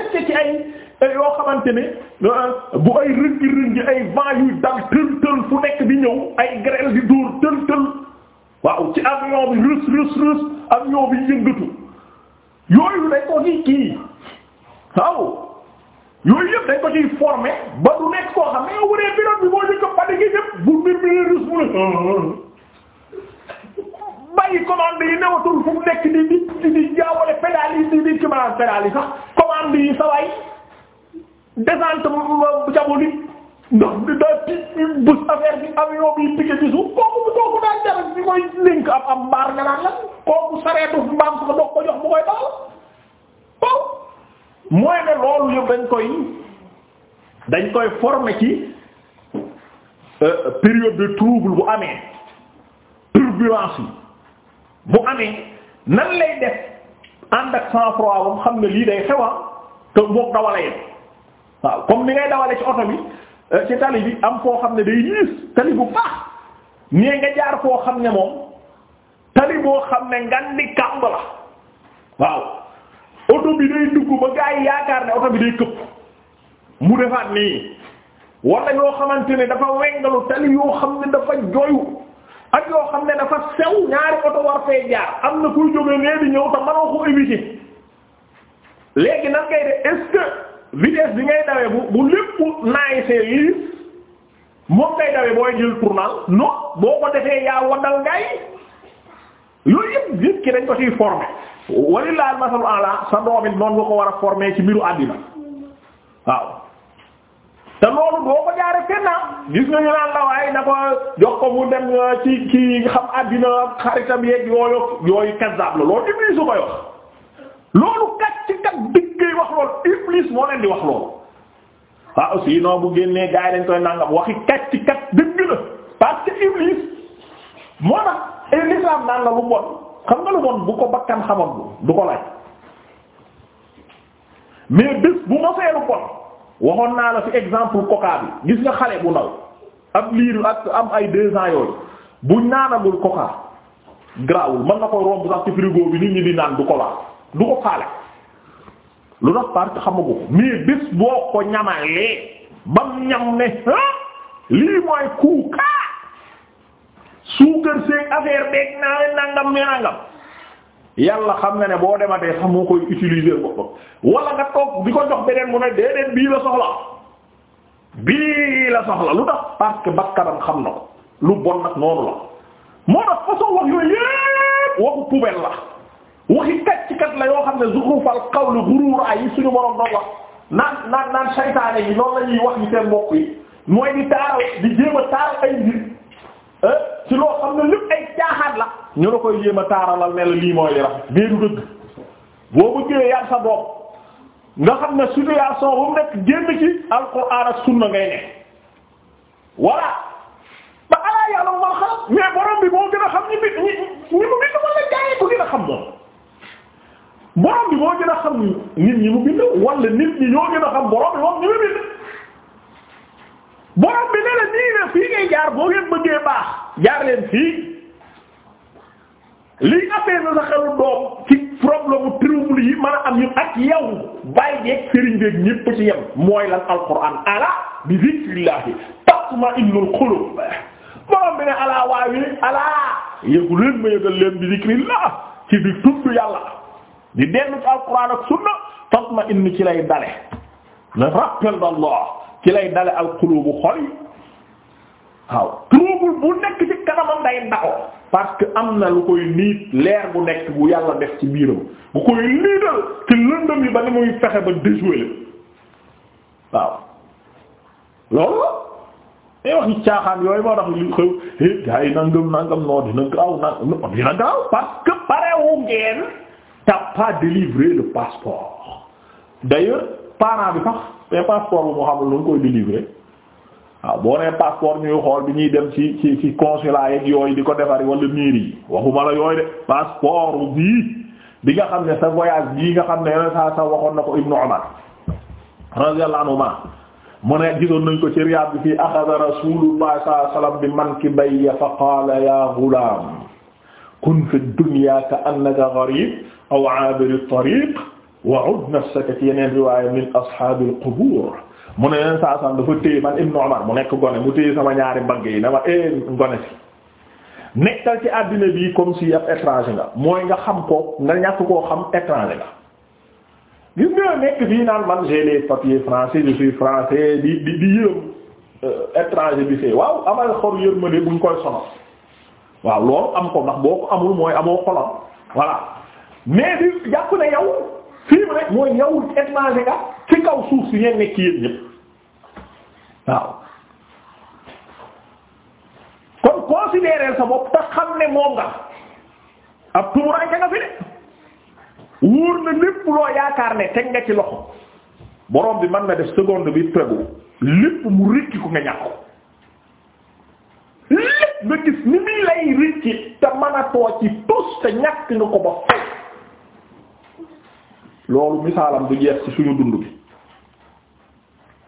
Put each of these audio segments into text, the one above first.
resté ci ay yoo xamante ne ah, bu ay rëngi-rëngi ay vent yuy tël tël fu nekk di ñëw ay grêle di dóor tël tël waaw ci avion bi rus rus rus avion bi yëngatu yooyu dañ yooyu yëpp ko ciy formé ba du nekk koo xam ne yow bu dee pilote bi moo ko paniqué mu ne ah, ah. bàyyi commande yi newatul fu mu nekk di di di jaawale pédale di di ci pédale sax commande yi sawaay descente diabolique ndox di daa ti bus affaire bi avion bi tige ci suuf kooku kooku daa jarat bi koy link am am mbaar nga naan kooku sareetu mbaam ko dox ko jox bu koy daal waaw mooy ne loolu yëpp dañ koy dañ koy former ci euh, période de trouble bu amee turbulence bu amee nan lay def ànd ak sang-froid bam xam ne lii day xewa te moom dawale yem waaw comme ni ngay dawale ci oto bi euh, ci tali bi am koo xam ne day yiis tali bu baax nee nga jaar koo xam ne moom tali boo xam ne ngan di kàmb la waaw oto bi day dugg ba gaa yi yaakaar ne oto bi day këpp mu defaat nii wala yoo xamante ne dafa wengalu tali yoo xam ne dafa joyu ak yoo xam ne dafa sew ñaari oto war fee jaar am na kuy jógee nee di ñëw ba manoo ko éviter léegi nan ngay de est-ce bi ngay dawee bu bu lépp naay see liis moom ngay dawee booy jël tournant non boo ko defee yaa waddal ngay yooyu yëpp nit ki dañ ko ciy formé wali laal masalu sa doom it noonu nga ko war a formé ci mbiru àddina waaw te loolu boo ko jaaree fenn ah, gis nga naan la waaye na ko jox ko mu dem euh, ci kii xam àddina xaritam yeeg yooyu yooyu kazzab loolu iblis koy wax loolu kat iblis moo leen di wax loolu. waaw ah, sinon bu génnee gars yi dañ koy nangam waxi kat ci kat dëgg la naan la lu bon xam bu ko bakkan xamoon du ko laaj mais bés bu ma lu bon. waxoon naa la fi exemple coca bi gis nga xale bu ndaw ab liir ak am ay deux ans bu buñ naanagul coca grawul mën na koy romb sax ci frigo bi nit ñi di naan du ko du ko xaale lu tax parce que xamagu ko mais bés boo ko ñamalee bam ñam ne ah, lii mooy kuukaa suukar seeg affaire beeg naa nangam me nangam yàlla xam na ne boo dematee sax moo koy utiliser boppam wala nga toog di ko jox beneen mu ne déedéet bii la soxla bii la soxla lu tax parce que bakkanam xam na lu bon noonu la moo tax façon wax yooyu yépp waxu poubelle waxi kat kat la yoo xam ne zuxrufal qawlu gurur ay suñu borom doon wax naan naan naan saytaane yi loolu la ñuy wax ñu seen mbokk yi mooy di taaral di jéem a taaral ay mbir Eh? ci loo xam ne lépp ay caaxaat la ñu la koy jéem a taaralal ne la lii mooy li rafet mais du dëgg boo bëggee yar nga xam ne situation bu mu nekk génn ci alquran ak sunna ngay ne voilà ba ala yàlla moo xam mais borom bi gën a xam ñi bi ñi ñi wala jaayee ko gën a xam moom borom bi moo gën a xam nit ñi mu bind wala nit ñi ñoo gën a xam borom bi moom ñi mu bind borom bi ne la nii ne fii ngay jaar boo ngeen bëggee baax jaar leen fii liy affaire na sa xelu doom ci problème mu trouble yi mën a am ñun ak yow bàyyi jeeg sëriñ beeg ñépp yem mooy lan alquran ala bi zikrillahi tatma'innul qulub borom bi ne ala waawi ala yëgu leen ma yëgal leen bi zikrillah ci di tudd yàlla di dellu ci alquran ak sunna tatma'inn ci lay dale le rappel d'Allah ci lay dale alxulubu xol yi waaw trouble bu nekk ci kanamam day ndaxoo parce que am na lu koy niit leer bu nekk bu yàlla def ci biiram bu koy niital ci lëndëm yi ba ni muy fexe ba déjouer waaw loolu la eh, wax caaxaan yooyu moo tax li xew é eh, gas yi nangam nangam dina gaaw nag dina gaaw parce que parewu ngeen t'as pas délivré le passeport d'ailleurs parent bi sax mais passeport bu moo xamul lu nga koy délivrer waaw boo nee passeport ñuy xool bi ñuy dem ci ci ci consulat yeeg di ko defari wala mairie yi waxuma la yooyu de passeport bii bi nga xam ne sa voyage bii nga xam ne yone sa waxoon na ko Ibnu Umar radiyallahu anhuma mu ne gisoon nañ ko ci Riyad bi fii axada rasulullah sallallahu alayhi wasallam bi mankibayya fa qaala ya ghulam kun fi dunya ka annaka gharib aw abir at wa ud nafsaka ci yeneen riwaaya min ashaabil qubuur mu ne yeneen saa saam nekk gone mu sama ñaari mbagg yi ne ma eh àddina bi comme si ab étranger mooy nga xam ko nga ñàkk koo xam étranger nga. gis naan man j'ai les papiers français je suis français di di euh, bi fee waaw amal xor yërmande buñ koy sonal waaw loolu am ko ndax boo ko amul mooy amoo xolam voilà mais di ne yow. fii mu ne mooy yow étranger nga ci kaw suuf si ngeen nekk yéen ñëpp waaw kon considérer sa bopp te xam ne moom nga ab tumuraanke nga fi de wóor na lépp loo yaakaar ne te nga ci loxo borom bi mën na def seconde bi tegu lépp mu rëcc ko nga ñàkk lépp nga gis ni muy lay rëcc te mën ci tus te ñàkk nga ko ba fay loolu misaalam du jeex ci suñu dund bi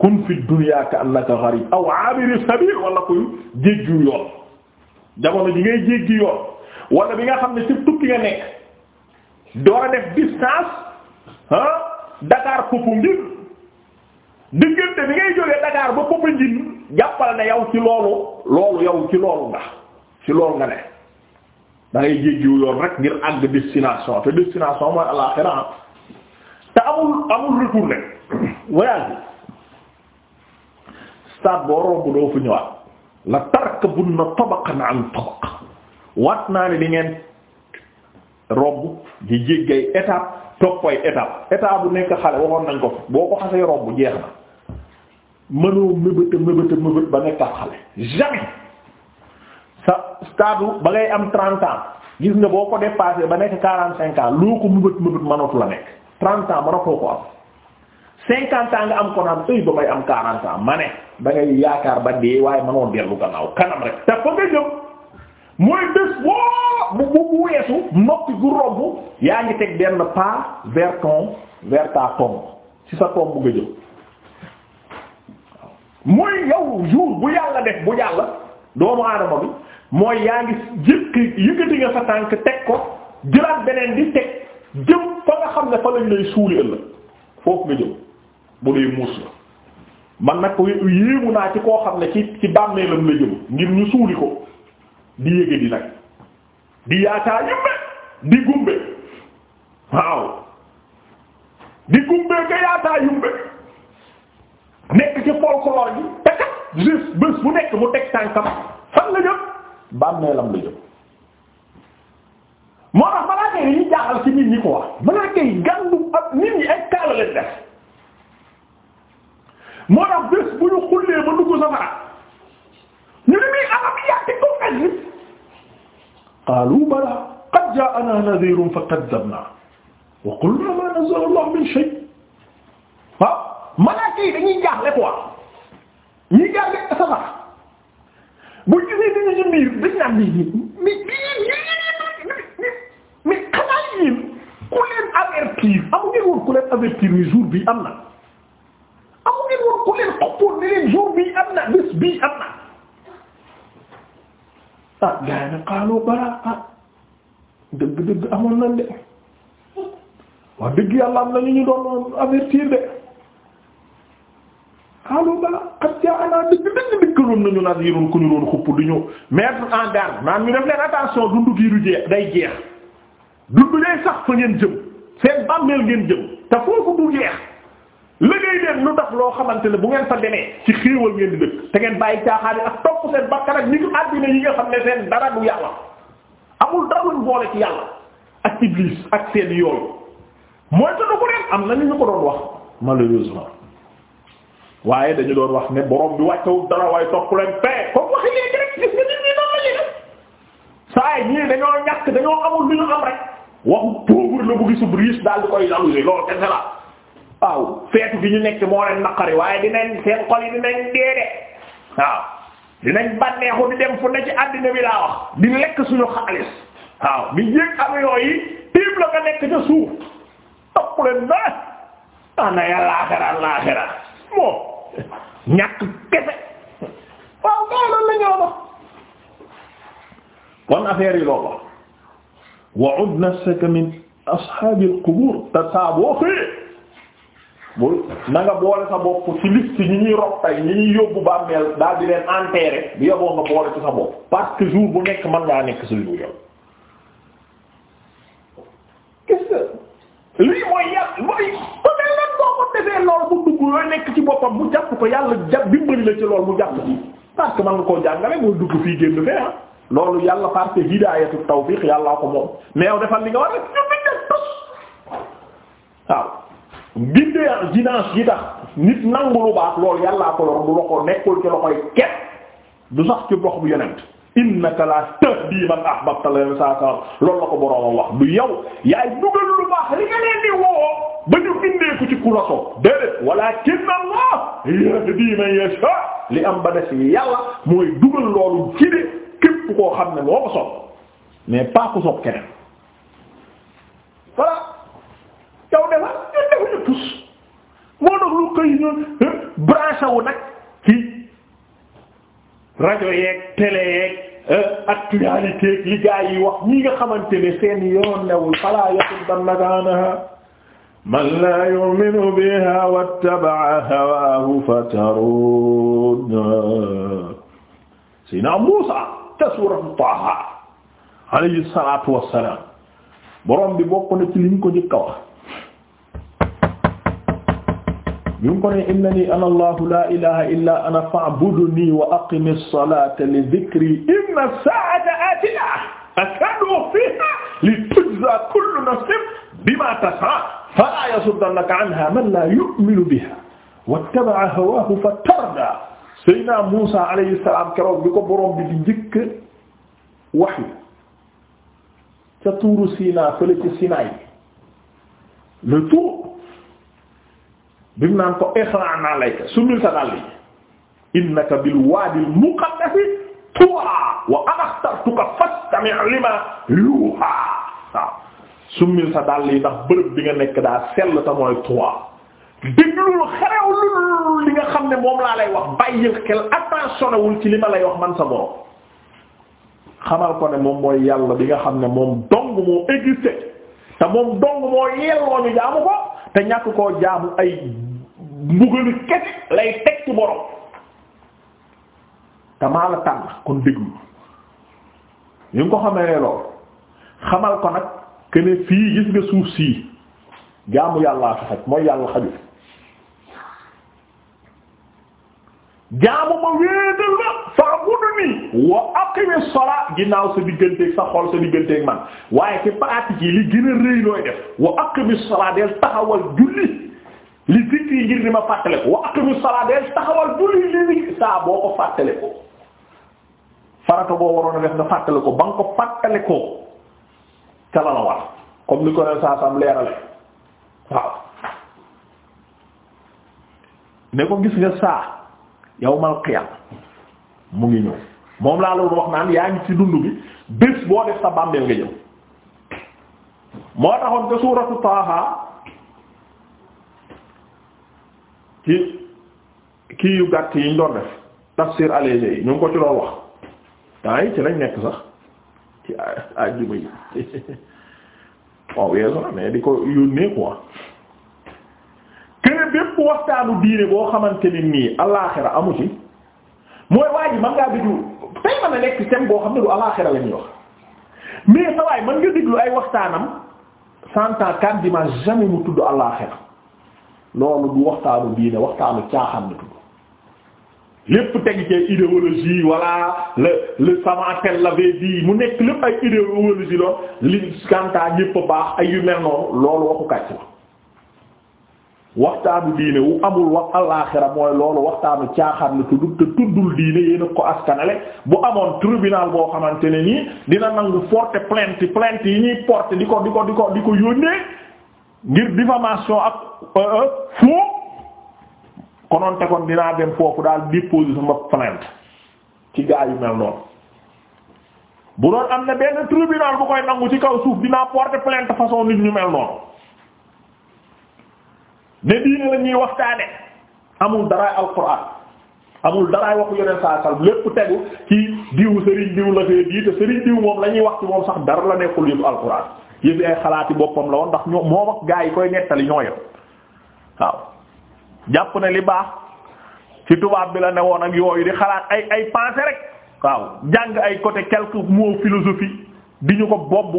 kun fi dunya ka annaka aw abiri sabil wala kuy jéggi yoon jamono ji ngay jéggi yoon wala bi nga xam ne si tukki nga nekk door a def distance ah Dakar Popenguine diggante bi ngay jógee Dakar ba Popenguine jàppal ne yow ci loolu loolu yow ci loolu nga ci loolu nga ne da ngay yoon rek ngir àgg destination te destination mooy alaxira te amul amul retour ne voyage bi stade boo romb doo fu ñëwaat la tarkabunna tabaqan an tabaq waat naa ne di ngeen romb di jéggay étape toppay étape étape bu nekk xale waxoon nañ ko boo ko xasee romb jeex na mënoo mëbëtë mëbëtë mëbët ba nekk xale jamais sa ba ngay am trente gis nga boo ko dépassé ba nekk quarante cinq ans loo ko mëbët mëbët mënatu la nekk trente ans a koo ko am cinquante ans nga am ko naan ëy ba may am quarante ma ne da yaakaar ba dee waaye mënoo dellu gannaaw kanam rek te fa nga jëm mooy bés bu bu weesu nokki gu romb yaa ngi teg benn pas vers ton vers ci sa tombe nga jëm mooy yow jour bu yàlla def bu yàlla doomu aadama bi mooy yaa ngi yëkkati nga sa tànk teg ko jëlaat beneen di teg jëm xam ne fa lañ lay suuli ëllëg foofu nga jëm bu dee muus la man nag ko yéemu naa ci koo xam ne ci ci bàmmeelam la jëm ngir ñu suuli ko di yége di nag di yaata yëmme di gumbe waaw di gumbe nga yaataa yumbe nekk ci folklore bi te kat juste bu nekk mu teg tànkam fan la jëm bàmmeelam la jëm moo tax malaaka yi dañuy jaaxal ci nit ñi quoi malaaka yi gàndu ak nit ñi ay kaala leen def moo tax bés bu ñu xullee safara ñu ne muy alam yàtti ko mel ni qaalu bala qad jaa'anaa nadhiirun fa kaddabnaa wa qulnaa maa Allah min shay waaw malaaka yi dañuy jaaxle quoi ñi jaaxle safara bu ñu gisee dañu ci mbir dañu naan nii nii ku leen avertir amu ngeen woon ku avertir ni jour bi am na amu ngeen woon ku leen ni leen jour bi am na bés bi am na ah gaa yi nag xaaloo ah dëgg dëgg amoon nañ de wax dëgg yàlla am na ñu ñu doon avertir de xaaloo balaa xat jaa anaa dëgg dëgg dëggaloon nañu nag yi doon ku ñu doon xupp du ñu mettre en garde naan ñu def leen attention dundu kii du day jeex du leen sax fa ngeen jëm seen bàmmeel ngeen jëm te foofu du jeex la dem lu tax loo xamante ne bu ngeen fa demee ci xéewal ngeen di dëkk te ngeen bàyyi caaxaan yi ak topp seen bakkan ak nitu àddina yi nga xam ne seen dara du yàlla amul dara luñ boole ci yàlla ak iblis ak seen yooyu mooy te du ko dem am na ñu ko doon wax malheureusement waaye dañu doon wax ne borom bi wàccewul dara waaye topp leen paix. saa yi ñii dañoo ñàkk dañoo amul lu ñu am rek waxu pauvre la bu gisub daal di koy jalousie loolu kese la waaw feetu fi ñu nekk moo leen naqari waaye dinañ seen xol yi dinañ dee de waaw dinañ bànneexu di dem fu ne ci àddina bi laa wax di lekk suñu xaalis waaw di yéeg avion yi tiim la nga nekk ca suuf topp leen na ana ya laaxira laaxira moom ñàkk kese waaw kaa loolu la ñoo kon affaire yi loolu wa ud nafsaka min ashaabil qubuur te saa boo xëyee boole sa bopp ci ñi ñuy rob ñi ñuy yóbbu bàmmeel daal di leen enterrer bi yoboo nga boole ci sa bopp parce jour bu nekk mën ngaa nekk sa jour yow lii mooy yàlla mooy ku ne la boo ko defee lool bu dugg looy nekk ci boppam mu jàpp ko yàlla jàpp dimbali la ci lool mu jàpp ci parce man nga koo jàngale mooy dugg fii génn fee ah. loolu yàlla parce que hidaayatu tawfiq yàllaa ko moom mais yow defal li nga war a ñu bindee tos waaw bindee ginance gi tax nit nangu lu baax loolu yàllaa ko yor du loxo nekkul ci loxoy kenn du sax ci lox bu yonent innaka la tahdi man ahbabta saa saa loolu la ko boroomam wax du yow yaay dugal lu baax li nga leen di woo ba ñu bindee ko ci ku la soob déedéet walakin Allah yahdi man yasha li am ba des yàlla mooy dugal loolu ci képp koo xam ne loo ko sopp mais pas ku sopp keneen voilà yow defar ñun defuñu tus moo dox lu xëy ñun branché wu nag ci rajo yeeg télé yeeg actualité li gaa yi wax ñi nga xamante ne seen yoon newul fala yasuddannaka anha man la yu'minu biha wattaba'a hawahu fatarud Sina Muusa ca suuratu Taaha alayhi salaatu wassalaam borom bi bokk na ci li ñu ko njëkk a wax bi mu ko ne innanii ana Allahu laa ilaaha illaa ana fa'budnii wa aqimis salaata li dhikrii inna saa'ata aatiya akaadu fiihaa litujzaa kullu nafsin bimaa tas'aa falaa yasuddannaka anhaa man laa yu'minu bihaa wattaba'a hawaahu fatardaa Seydina Muusa alayhi salaam keroog bi ko borom bi di njëkk waxyu ca tuuru Sinaa fële ci Sinaay le tout bi mu naan ko ixla' alayka sumil sa dàll yi innaka bil waadil muqaddasi tuwaa wa ana axtartuka fastami' limaa yuuhaa waaw sumil sa dàll yi ndax bërëb bi nga nekk daa sell te mooy tuwaa déglul xarewlul li nga xam ne moom laa lay wax bàyyil xel attention wul ci li ma lay wax man sa borom xamal ko ne moom mooy yàlla bi nga xam ne moom dong moo existé te moom dong moo yelloo ñu jaamu ko te ñàkk koo jaamu ay mbugalu kese lay teg ci borom te maa la tànn kon déglu yu nga ko xamee lool xamal ko nag que ne fii gis nga suuf sii jaamu yàllaa fi xaj mooy yàlla xaju jaamu ma wéetal ma faabudu nii wa aqimi salaa ginnaaw sa digganteeg sa xol sa digganteeg man waaye ci pratique yi li gën a rëy looy def wa aqimi del taxawal julli li zikri ngir di ma fàttale ko wa aqimi salaa del taxawal julli li saa boo ko fàttale ko farata boo waroon a def nga fàttale ko ba nga ko fàttale ko ca la la war comme ni ko ne saa sam leerale waaw ne ko gis nga saa yawmal qiyam mu ngi ñëw moom laa loolu wax naan yaa ngi ci dund bi bés boo def sa bàmmeel nga jëm moo taxoon te suuratu Taaha ci kii yu gàtt yi ñu doon def tafsir allégé yi ñu ngi ko ci doon wax temps yi ci lañ nekk sax ci àjjuma yi waaw weesu na mais di ko yónnee quoi waxtaanu diine boo xamante ni nii alaaxira amu ci mooy waa ji man ngaa déglu tey mën a nekk thème boo xam ne du alaaxira lañuy ñuy wax mais sa waay man nga déglu ay waxtaanam santan quatre dimanche jamais mu tudd alaaxira loolu du waxtaanu diine waxtaanu caaxaan la tudd lépp teg ci idéologie wala le le savant tel l'avait dit mu nekk lépp ay idéologie lool li kanta ñépp a baax ay yu mel noonu loolu waxu kàcc la waxtaanu diine wu amul wax alaaxira mooy loolu waxtaanu caaxaan la tudd te tuddul diine yéen ko askanale bu amoon tribunal boo xamante ne nii dina nangu porter plainte plainte yi ñuy porter di ko di ko di ko di ko yónnee ngir diffamation ak euh, euh, faux konoon kon dinaa dem foofu daal déposer sama plainte ci gaa yu mel noonu bu doon am na benn tribunal bu koy nangu ci kaw suuf dinaa porter plainte façon nit ñu mel noonu. ne diine la ñuy waxtaane amul daraay alquran amul daraay waxu yeneen saa sal lépp tegu ci diw sëriñ diw la ñuy wax ci moom sax dara la nekkul yëpp alquran yëpp ay xalaati boppam la woon ndax ñoo moom ak gaa yi koy nettali ñoo yor waaw jàpp ne li baax ci tubaab bi la ne woon ak yooyu di xalaat ay ay pensées rek waaw jàng ay côté quelques mots philosophie di ñu ko bobb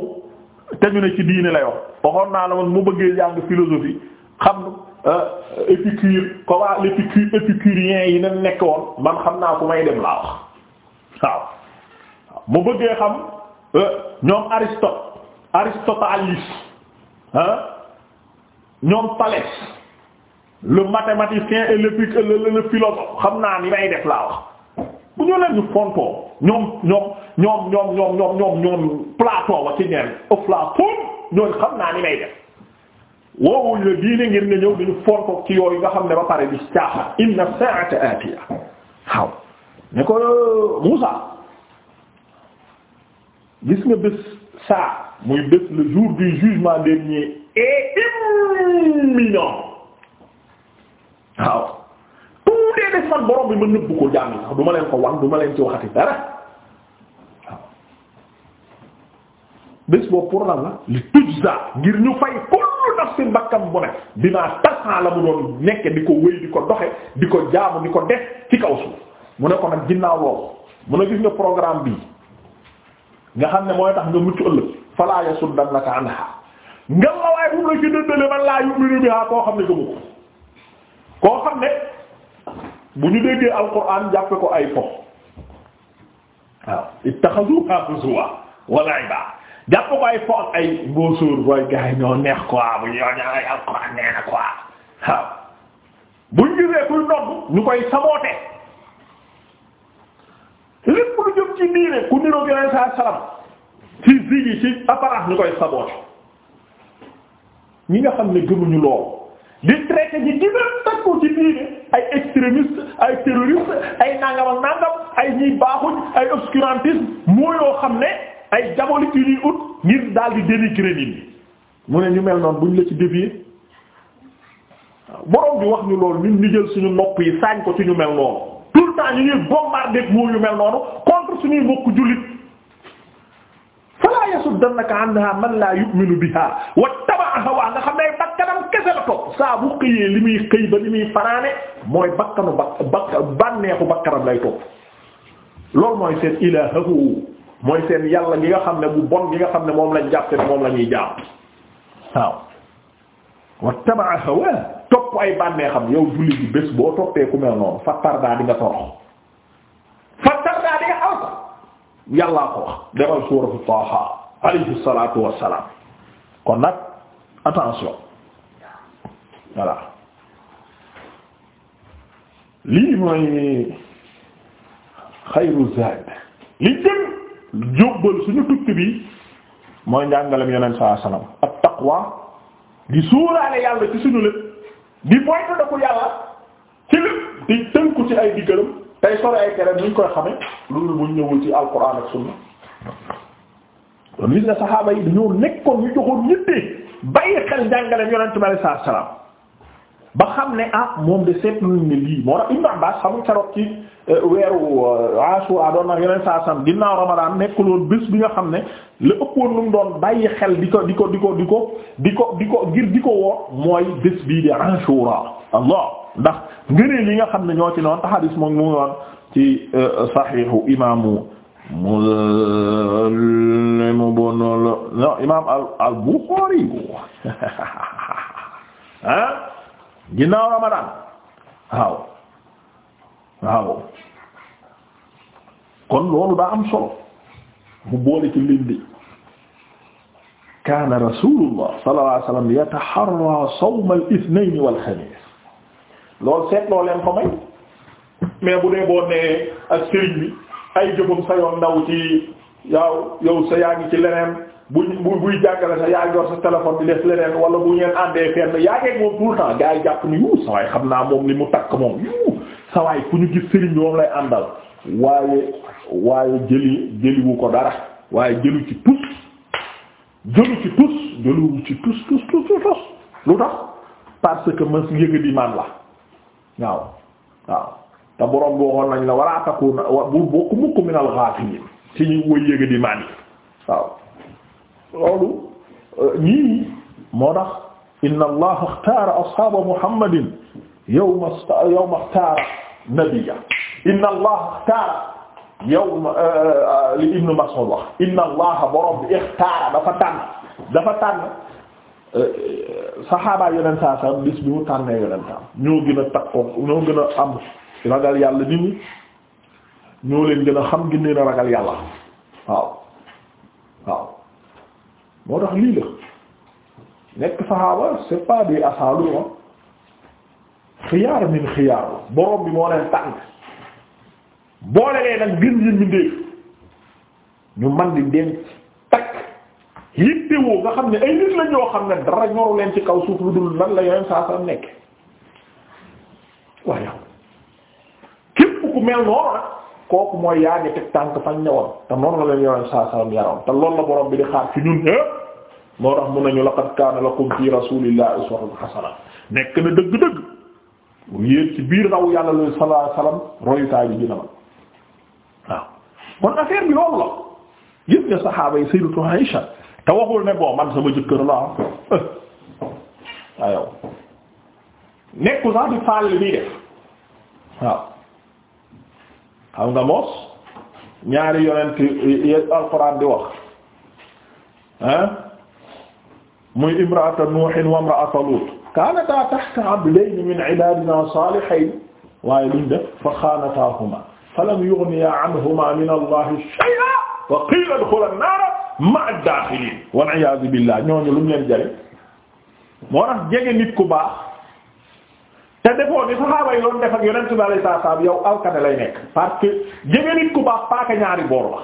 te ñu ne ci diine la yor waxoon naa la woon mu bëggee jàng philosophie xam. Euh, épicure comment l'épicure épicurien yi na nekk woon xam naa ku may dem laa wax waaw mu bëggee xam euh, ñoom Aristote Aristotelis ah ñoom Thalès le mathématicien et le philosophe xam naa ni may def laa wax bu ñu leen ñu ñoom ñoom ñoom ñoom ñoom ñoom ñoom ñoom Platon wa ci neen Aflaatoon ñooñu xam naa ni may def woowuñ la diine ngir nga ñëw dañu foor ko ci yooyu nga xam ne ba pare bi caaxaan inna sa'ata atiya waaw ne ko Musa gis nga bés saa muy bés le jour du jugement dernier est imminent waaw tout dee def man borom bi ma nëbb ko jàmm sax du ma leen ko wan du ma leen ci waxati dara waaw bés boobu pour lan la li tujza ngir ñu fay ko nafsin bakkan bu ne bi maa tasaa la doon nekk di ko wéy di ko doxe di ko jaamu di ko def ci kaw suuf mu ne ko nag ginnaaw loolu mu ne gis nga programme bii nga xam ne mooy tax nga mucc ëllëg falaa a anha nga la waaye bu la ci dëndale man laa yu'minu biha koo xam ne gëmu ko koo xam ne bu ñu déggee alquran jàppe ko ay fo waaw ittaxazuha huzuwa wa la'iba jàpp ko ay ay boo sóor booy gars ñoo neex quoi bu ñu ñoo ay alxuraan nee na kuy nodd ñu koy saboote lépp lu jëm ci diine ku niroog yeneen saa salaam ci zigi ci apparence ñu koy saboote ñi nga xam ne gëmuñu loolu di traité di dina takku ci diine ay extrémiste ay terroriste ay nangam ak ay ñiy baaxuñ ay obscurantisme moo yoo xam ne ay diabolique yu ut ngir daal di dénigrer nit ñi mu ne ñu mel noonu buñ la ci dévier waaw bi wax ñu loolu ñun ñu jël suñu nopp yi saañ ko ci ñu mel noonu tout le temps ñu ñuy bombarder ak ñu mel noonu contre suñuy mbokk jullit fala yasuddannaka anha man la yu'minu biha wa taba'a hawa nga xam ne bakkanam kese la topp saa bu xëyee li muy xëy ba li muy fanaane mooy bakkanu bak bànneexu bakkanam lay topp loolu mooy seen ilaahu mooy seen yàlla gi nga xam ne bu bon gi nga xam ne moom lañ jàpp te moom la ñuy jaam waaw wa tabaa topp ay bànnee xam yow julli bi bés boo toppee ku mel noonu fattar daa di nga torox fattar ko yàllaa ko wax demal suuratu Taaha alayhi salaatu wassalaam kon nag attention voilà lii mooy xayru li jëm jóbbal suñu tukki bi mooy njàngalem yonent saa salaam ak taqwa di suuraale yàlla ci suñu lépp di moytu da ko yàlla ci lépp di tënku ci ay diggalam tey sore ay tereem nuñ koy xame loolu buñ ñëwul ci alquran ak sunna kon gis nga saxaaba yi dañoo nekkoon ñu joxoon ñittee bàyyi xel njàngalem yonent bi saa salaam ba xam ne ah moom de seetlu nañ ne lii moo tax Ibn Abbas xamuñ keroog ci Euh, weeru euh, Ashura ah, doon na ginnaaw Ramadan nekkul bés bi nga xam ne la ëpp woon doon bàyyi xel di ko di ko di ko di ko di ko di ko ngir di ko woo mooy bés bii di Ashura ndax ngëneel yi nga xam ne ñoo ci noonu taxadis moom mu ngi euh, imaam al al Buxaari ah ginnaaw Ramadan waaw. waaw kon loolu ba am solo mu boole ci lindi kaana rasulullah sallallahu alayhi wasallam yataharra sawma al-ithnayn wal-khamis loolu seetloo leen ko may mais bu dee boo nee ak sëriñ bi ay jëbum sa yoon ndaw ci yow yow sa yaa ngi ci leneen bu bu buy jàngale sa yaa ngi yor sa téléphone bi leneen wala bu ngeen àndee fenn yaa ngeeg moom tout le temps gars yi waaye xam naa moom li mu takk moom yu sawaay fu ñu gis sëriñ bi moom lay àndal waaye waaye jëli jëliwu ko dara waaye jëlu ci tus jëlu ci tus jëluwu ci lu tax parce que mas yëga di la waaw waaw te borom bi waxoon nañ la wala takuna bu bokk mukk minal ghafilin ci ñu woy yëga di yi waaw loolu ñii moo tax inna allaha ikhtara ashaba muhammadin yow yawma ixtaara nabiyya inna allah ixtaara yawma eh, eh, li ibnu Mas'ud wax inna allah borom bi ixtaara dafa tànn dafa tànn eh, saxaabaa yonent saa saa bis mu tànnee yonentam ñoo gën a takkoon ñoo gën a am ragal yàlla nit ñi ñoo leen gën a xam gën leen a ragal yàlla waaw waaw moo tax lii la nekk saxaaba c'est pas xiyaar min xiyaar borom bi moo leen tànn boole leen nag gën ñu mbindeef ñu man di denc takk yittewoo nga xam ne ay nit la xam ne dara ñoru leen ci kaw suuf lu dul lan la yooyu saa saa nekk waaye képp ku mel noonu nag kooku mooy yaa ngi teg tànk fañ ñëwoon te noonu la leen yoroon saa saa yaroon te loolu la borom bi di xaar ci ñun ñëpp moo mun nañu laqad kaana lakum fi rasuulillahi uswatun hasana nekk na dëgg-dëgg. yéen ci biir raw yàlla la sallallahu alayhi wasallam royukaay bi dina la waaw kon affaire bi loolu la gis nga saxaaba yi sayyidatu Aïsha te waxul ne bon man sama jëkkër la ah waaw nekkul sax di faale li muy def waaw xam nga moos ñaari yonent yi alxuraan di wax ah muy imra'atu nuuhin wa imra'atu luut kaanataa tahta abdayni min ibaadinaa saalihayn waaye luñ def fa xaanataahumaa falam yughniyaa anhumaa mina llaahi shay'an wa qiila udxulaa nnaara ma'a ddaaxiliin wal iyaazu billaah ñooñu lu mu leen jëlee. moo tax jege nit ku baax te defoo ni saxaaba yi doon def ak Yonent bi sallallaahu alayhi wa sallam yow alkane lay nekk parce que jege nit ku baax paaka ñaari boor la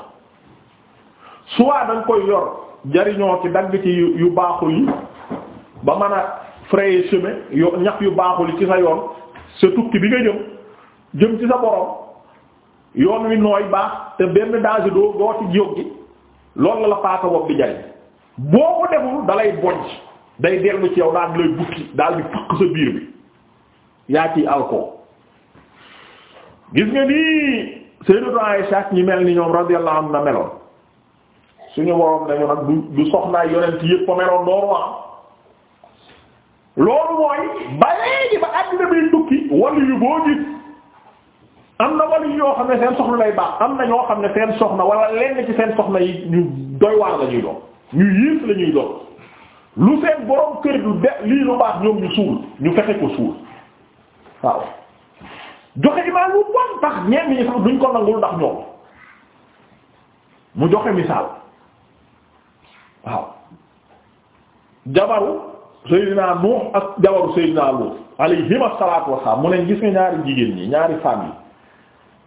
soit da nga koy yor jariñoo ci dagg ci yu baaxul yi ba mën a frais chemin yo ñax yu baaxul ci sa yoon sa tukki bi nga jëm jëm ci sa borom yoon wi nooy baax te benn danger doo doo ci jóggi loolu la la paaka bi jariñ boo ko deful dalay bojj day dellu ci yow daal di lay bukki daal di fakk sa biir bi yaa ciy alcool gis nga nii Sayyidatu Aisha ñi mel ni ñoom radiyallahu anha meloon suñu worom nañu nag du du soxnaay yonent yépp a meloon noonu ah. loolu mooy ba léegi ba àddina bi tukki wàllu yu boo gis am na wàllu yoo xam ne seen soxna lay baax am na ñoo xam ne seen soxna wala lenn ci seen soxna yi ñu doy waar la ñuy doon ñu yiis la ñuy doon lu seen borom kër lii lu baax ñoom ñu suul ñu fexe ko suul waaw joxe imaam lu bon tax ñenn ñi sax duñ ko nangul ndax ñoom mu joxe misaal waaw jabaru Seydina Nuux ak jawaru Seydina Luut alayhim assalaatu wassalaam mu ne gis nga ñaari jigéen ñi ñaari femme yi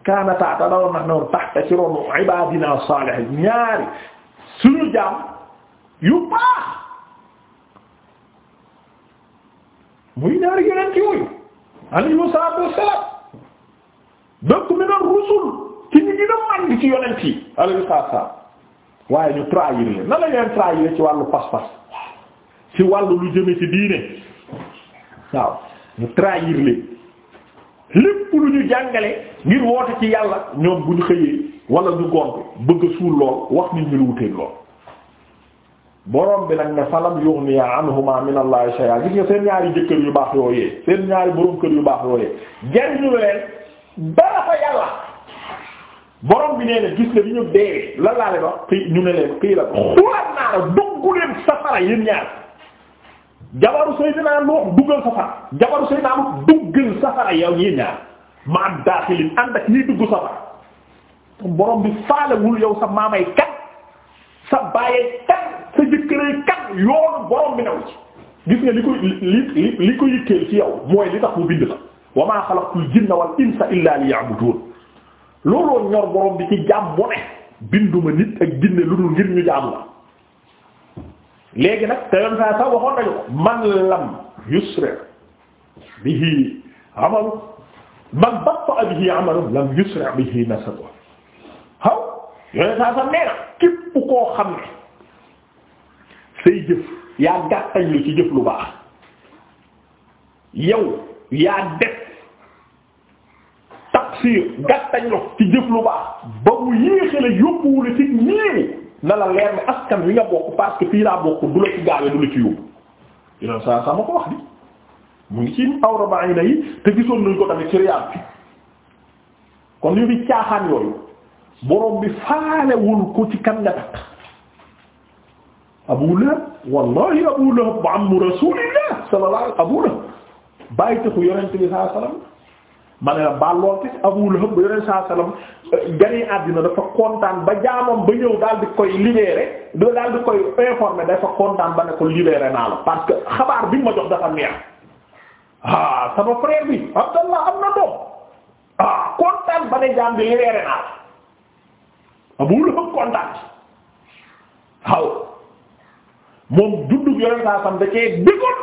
kaanata ta dawoon nag noonu taxta ci ronu ibadina salih ñaari suñu jaam yu baax muy ñaari yonent yooyu alayhimu salaatu wassalaam donc mi na rusul ci ñu gën a màgg ci yonent yi alayhi salaatu wassalaam waaye ñu trahir leen na la leen trahir ci wàllu pas-pas ci wàllu lu jëme ci diine waaw ñu trahir leen lépp lu ñu jàngale ngir woote ci yàlla ñoom bu ñu xëyee wala ñu gont bëgg a suul lool wax nit ñu lu wuteen lool borom bi nag ne falam yughniya anhuma min allahi gis nga seen ñaari jëkkër yu baax yooyee seen ñaari borom kër yu baax yooyee jariñu leen dara yàlla borom bi nee na gis nga li ñu deewee lan laa xii ñu ne leen xii la naa la dugg safara yéen ñaar jabaru Seydina Nuux duggal safara jabaru Seydina Nuux duggal safara yow ñii ñaar ma daaxilin ànd ak ñiy dugg safara borom bi faalewul yow sa maamay kat sa baayee kat sa jëkkëree kat yoonu borom bi new ci gis nga li ko li li ko yitteel ci yow mooy li tax mu bind la wa maa xalaqtul jinna wal insa illaa liya'buduun looloo ñor borom bi ci jaam mu ne binduma nit ak jinne lu dul ngir ñu jaam la léegi nag te yoon saa sax waxoon nañu ko man lam yusra bihi amalu man batta bihi amalu lam yusra bihi nasabu xaw yoon saa sax nee na képp koo xam ne say jëf yaa gàttañ lu ci jëf lu baax yow yaa def taqsir gàttañ lu ci jëf lu baax ba mu yéexee la yóbbuwul ci ñeewu na la leer ne askan wi nga bokk parce que fii laa bokk du la ci gaawee du la ci yóbbu yeneen saa ko wax bi mu ngi ci awra ba ay na yi te gisoon nañ ko tamit ci riyaat bi kon yu bi caaxaan yooyu borom bi faalewul ko ci kan nga takk Abu Lahab wallahi Abu Lahab bu am rasulillah sallallahu alayhi Abu Lahab bàyyi taxu yonent bi sallallahu alayhi wasallam ma ne la baal lool ci Abu Lahab ba yoneen saa salaam euh, gane àddina dafa kontaan ba jaamam ba ñëw daal di koy libéré daal di koy informé dafa kontaan ba ne ko libéré naa la parce que xabaar bi ma jox dafa neex ah, sama frère bi Abdallah am na doom ah, kontaan ba ne jaam bi libéré naa la Abu Lahab kontaan waaw moom juddu yoneen saa salaam da cee déggoon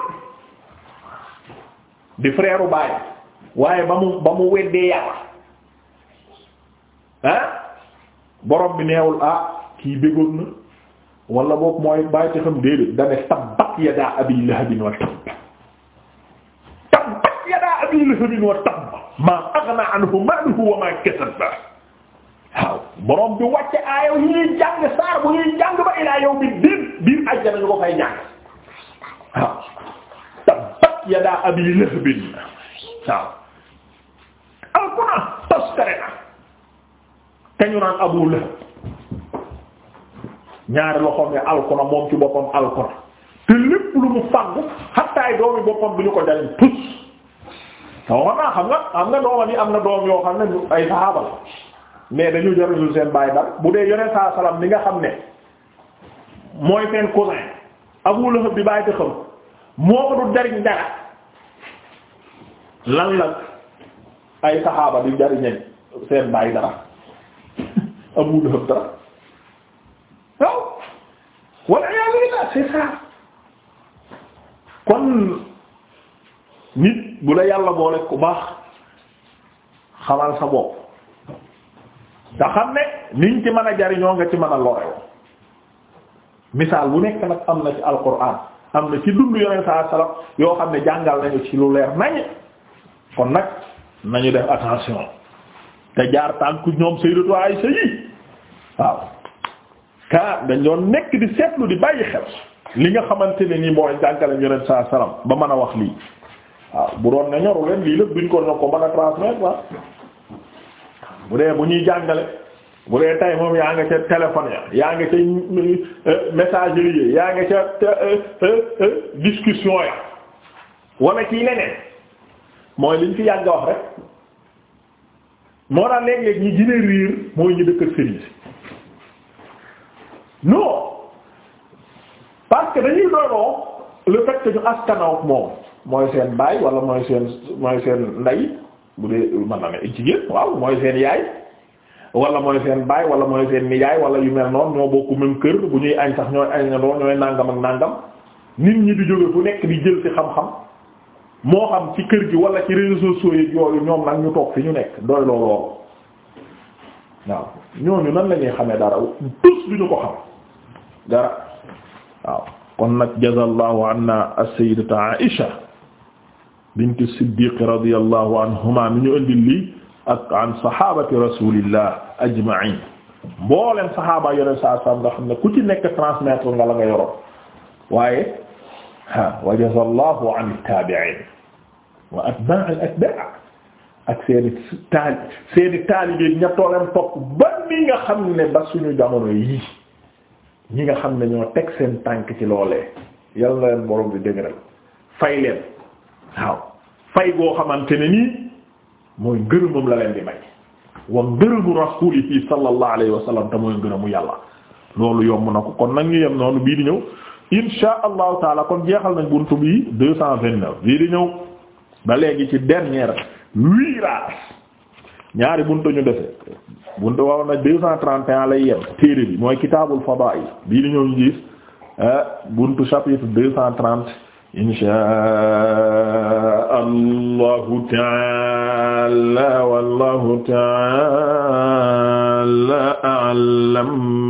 di frère u baay. waaye ba mu ba mu weddee yàlla ah borom bi neewul ah kii bëggoon na wala boog mooy bàyyi ci xam déedéet da ne tabbat yadaa abii lahabin wa tabb tabbat yadaa abii lahabin wa tabb maa aghnaa anhu maaluhu wa maa kasab waaw borom bi wàcce aayaw yi ñuy jàng saar bu ñuy jàng ba ilaa yawmi diin biir àjjana ñu ko fay jàng waaw tabbat yadaa abii lahabin waaw yàqu na toskare na te ñu naan Abu ñaari loxoom yi alkona moom ci boppam alkona te lépp lu mu fàggu xattaay doomi boppam bi ñu ko jariñ tus te waxoon naa xam nga xam nga doomam yi am na doom yoo xam ne ñu ay saxaaba la mais dañu jariñul seen bàyyi dara bu dee yoneen saa salaam ni nga xam ne mooy seen cousin Abu bi bàyyi te moo ko du jariñ dara lan la ay saxaaba di jariñe seen baay dara Abu Lahab dara waaw walla yàlla c'est ça kon nit bu la yàlla boole ku baax xamal sa bopp nga xam ne niñ ci mën a jariñoo nga ci mën a lorewo misaal bu nekk nag am na ci alquran am na ci dund yoneen saa sallam yoo xam ne jàngal nañu ci lu leer nañ kon nag nañu def attention te jaar tànk ñoom Sayyidatu Aisha yi waaw car dañ doon nekk di seetlu di bàyyi xel li nga xamante ne nii mooy jàngale yonent saa salaam ba mën a wax lii waaw bu doon ne ñoru leen lii lépp duñ ko ko mën a transmettre waaw bu dee bu ñuy jàngale bu dee tay moom yaa nga ca téléphone ya yaa nga ca messagerie ya yaa nga ca euh, euh, euh, discussion ya wala ci leneen mooy liñ fi yàgg wax rek moo tax léeg-léeg ñi gën a riir mooy ñu dëkk ak sëriñ si dañuy doonoo le fait que ñu askanaw moom mooy seen baay wala mooy seen mooy seen ndey bu dee mën na ne jigéen waaw mooy seen yaay wala mooy seen baay wala mooy seen nijaay wala yu mel noonu ñoo bokku même kër bu ñuy añ sax ñooy añ na ñooy nangam ak nangam nit ñi di jóge fu nekk di jël ci xam-xam. moo xam ci kër gi wala ci réseaux sociaux yooyu ñoom nag ñu toog fi ñu nekk doy loo lool waaw ñooñu nan la ñuy xamee dara tous du ñu ko xam dara waaw kon nag jazallahu anna as-sayyidatu Aisha bint as-Siddiq radiyallahu anhuma mi ñu indi lii ak an sahabati rasulillah ajma'in mbooleen sahaaba yore saa sam nga xam ne ku ci nekk transmettre nga la nga yoroon waaye wa jazallahu an taabi'iin wa atbaa'il atbaa' ak seeni taal seeni taalibe ña toolam topp ba ni nga xam ne ba suñu jamono yii ñi nga xam ne ñoo teg seen tànk ci loolee yal leen borom bi dëgëral fay leen waaw fay goo xamante ne nii mooy ngërëmam la leen di may wa ngërëmu rasuulihi sallallahu alayhi wa te mooy ngërëmu yàlla loolu yomb na ko kon nag ñu yem noonu bii di ñëw. insha allahu taala kon jeexal nañ buntu bi deux cent vingt bii di ñëw ba léegi ci dernière virage ñaari buntu ñu defe buntu waaw na lay yem téere bi mooy kitaabul fadaa'il bii di ñëw ñu gis euh, buntu chapitre deux cent trente insha allahu taala wallahu taala